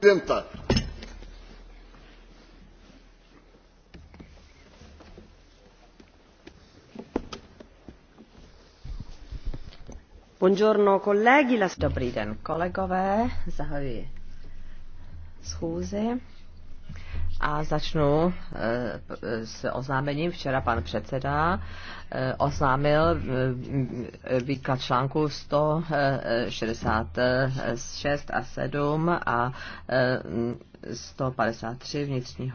prezidenta. Dobrý den, kolegové, zahajuji schůzi. A začnu eh, s oznámením. Včera pan předseda eh, oznámil eh, výklad článku 166 a 7 a 153 vnitřního